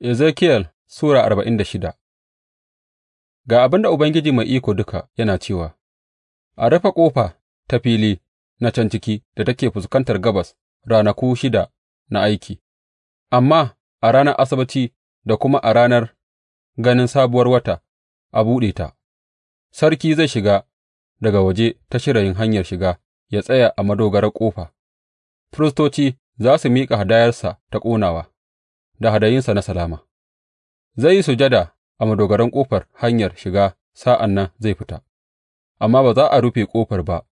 ezekiel Sura arba'in da shida Ga abin da Ubangiji Mai Iko Duka yana cewa, A rufe ƙofa ta fili na can ciki da take fuskantar gabas ranaku shida na aiki, amma a ranar Asabaci da kuma a ranar ganin sabuwar wata a buɗe ta, sarki zai shiga daga waje ta shirayin hanyar shiga ya tsaya a madogarar ƙofa, firistoci za su miƙa hadayarsa ta ƙonawa. da hadayunsa na salama; zai yi sujada a madogaran ƙofar hanyar shiga sa'an nan zai fita, amma ba za a rufe ƙofar ba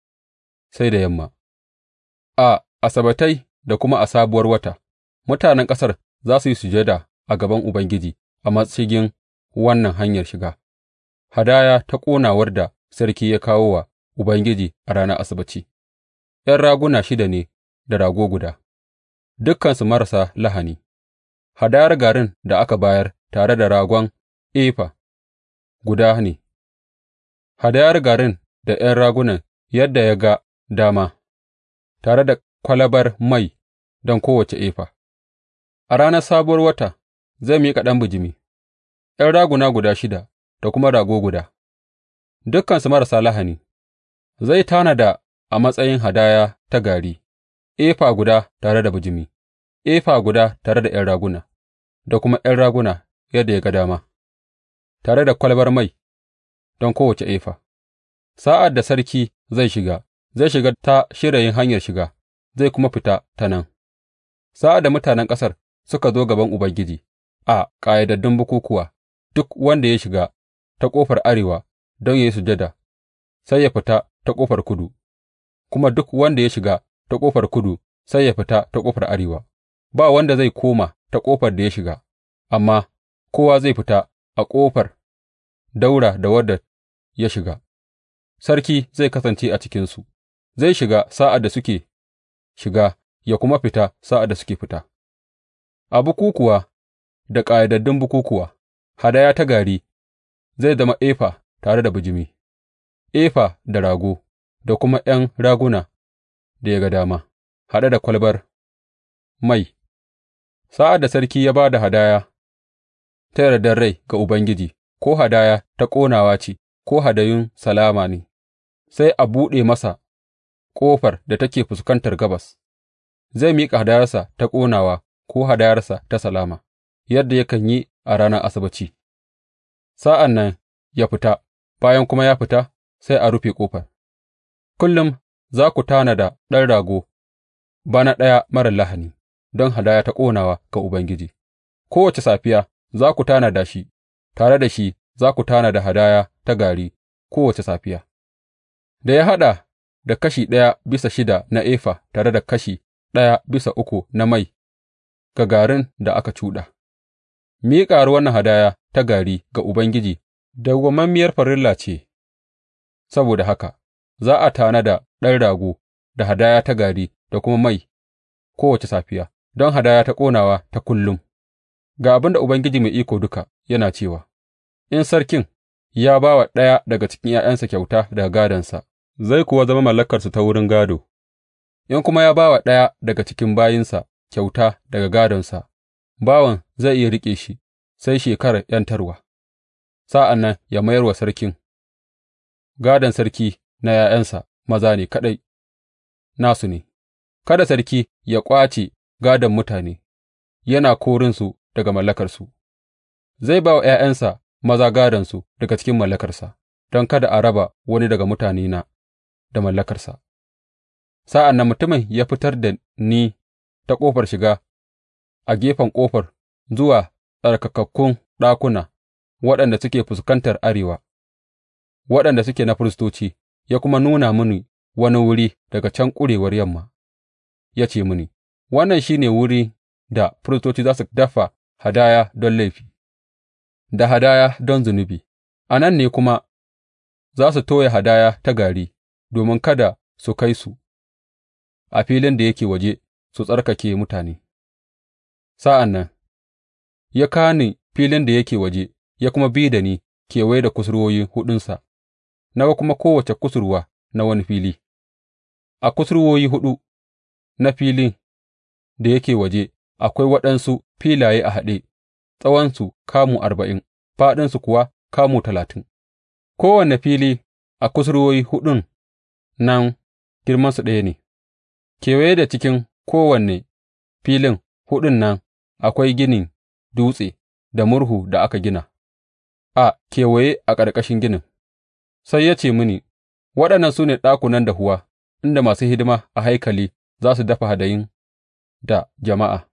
sai da yamma; a asabatai da kuma a Sabuwar Wata mutanen ƙasar za su yi sujada a gaban Ubangiji a matsigin wannan hanyar shiga, hadaya ta ƙonawar da sarki ya kawo wa Ubangiji a ranar Asabaci, ’yan raguna shida ne da rago guda, dukansu marasa lahani. hadayar garin da aka bayar tare da ragon efa guda ne, hadayar garin da ’yan ragunan yadda ya ga dama, tare da kwalabar mai don kowace efa. A ranar sabuwar wata zai miƙa ɗan bijimi, ’yan raguna guda shida da kuma rago guda, dukansu marasa lahani, zai tanada a matsayin hadaya ta gari, efa guda tare da bijimi, efa guda tare da ’yan raguna. da kuma ’yan raguna yadda ya ga dama, tare da kwalabar mai don kowace efa. Sa'ad da sarki zai shiga, zai shiga ta shirayin hanyar shiga, zai kuma fita ta nan. Sa'ad da mutanen ƙasar suka zo gaban Ubangiji a ƙayyadaddun bukukuwa, duk wanda ya shiga ta ƙofar arewa don ya yi sujada, sai ya fita ta ƙofar kudu, kuma duk wanda ya shiga ta ƙofar kudu sai ya fita ta ƙofar arewa, ba wanda zai koma ta ƙofar da ya shiga, amma kowa zai fita a ƙofar daura da wadda ya shiga, sarki zai kasance a cikinsu, zai shiga sa'ad da suke shiga ya kuma fita sa'ad da suke fita, a bukukuwa da ƙayyadaddun bukukuwa, hadaya ta gari zai zama efa tare da bijimi, efa da rago, da kuma ’yan raguna da ya ga dama, haɗe da kwalbar mai. Sa'ad da sarki ya ba da hadaya ta yardar rai ga Ubangiji, ko hadaya ta ƙonawa ce ko hadayun salama ne, sai a buɗe masa ƙofar da take fuskantar gabas, zai miƙa hadayarsa ta ƙonawa ko hadayarsa ta salama, yadda yakan yi a ranar Asabbaci. Sa'an nan ya fita, bayan kuma ya fita, sai a rufe ƙofar. Kullum za ku tanada ɗan rago, bana ɗaya marar lahani. don hadaya ta ƙonawa ga Ubangiji; kowace safiya za ku tanada shi, tare da shi za ku tanada hadaya ta gari kowace safiya, da ya haɗa da kashi ɗaya bisa shida na efa tare da kashi ɗaya bisa uku na mai ga garin da aka cuɗa. Miƙawar wannan hadaya ta gari ga Ubangiji dawwammamiyar farilla ce, saboda haka za a tanada ɗan rago da hadaya ta gari da kuma mai kowace safiya. don hadaya ta ƙonawa ta kullum, ga abin da Ubangiji Mai Iko Duka yana cewa, in sarkin ya ba wa ɗaya daga cikin ’ya'yansa kyauta daga gādonsa, zai kuwa zama mallakarsu ta wurin gādo, in kuma ya ba wa ɗaya daga cikin bayinsa kyauta daga gādonsa, bawan zai iya riƙe shi sai shekarar ’yantarwa, sa'an nan ya mayar wa sarkin gādon sarki na ’ya'yansa maza ne kaɗai, nasu ne, kada sarki ya ƙwace gādon mutane yana korinsu daga mallakarsu; zai ba wa ’ya'yansa maza gādonsu daga cikin mallakarsa, don kada a raba wani daga mutanena da mallakarsa. Sa'an nan mutumin ya fitar da ni ta ƙofar shiga a gefen ƙofar zuwa tsarkakakkun ɗakuna waɗanda suke fuskantar arewa, waɗanda suke na firistoci, ya kuma nuna mini wani wuri daga can ƙurewar yamma, ya ce mini. Wannan shi ne wurin da firistoci za su dafa hadaya don laifi da hadaya don zunubi, a nan ne kuma za su toya hadaya ta gari domin kada su kai su a filin da yake waje su tsarkake mutane. Sa'an nan ya kani filin da yake waje ya kuma bi da ni kewaye da kusurwoyi huɗunsa, na ga kuma kowace kusurwa na wani fili, a kusurwoyi huɗu na filin da yake waje akwai waɗansu filaye a haɗe, tsawonsu kamu arba'in, fāɗinsu kuwa kamu talatin, kowane fili a kusurwoyi huɗun nan girmansu ɗaya ne, kewaye da cikin kowane filin huɗun nan akwai ginin dutse da murhu da aka gina a kewaye a ƙarƙashin ginin. Sai ya ce mini, Waɗannan su ne ɗakunan dahuwa inda masu hidima a haikali za su dafa hadayin. da jama'a.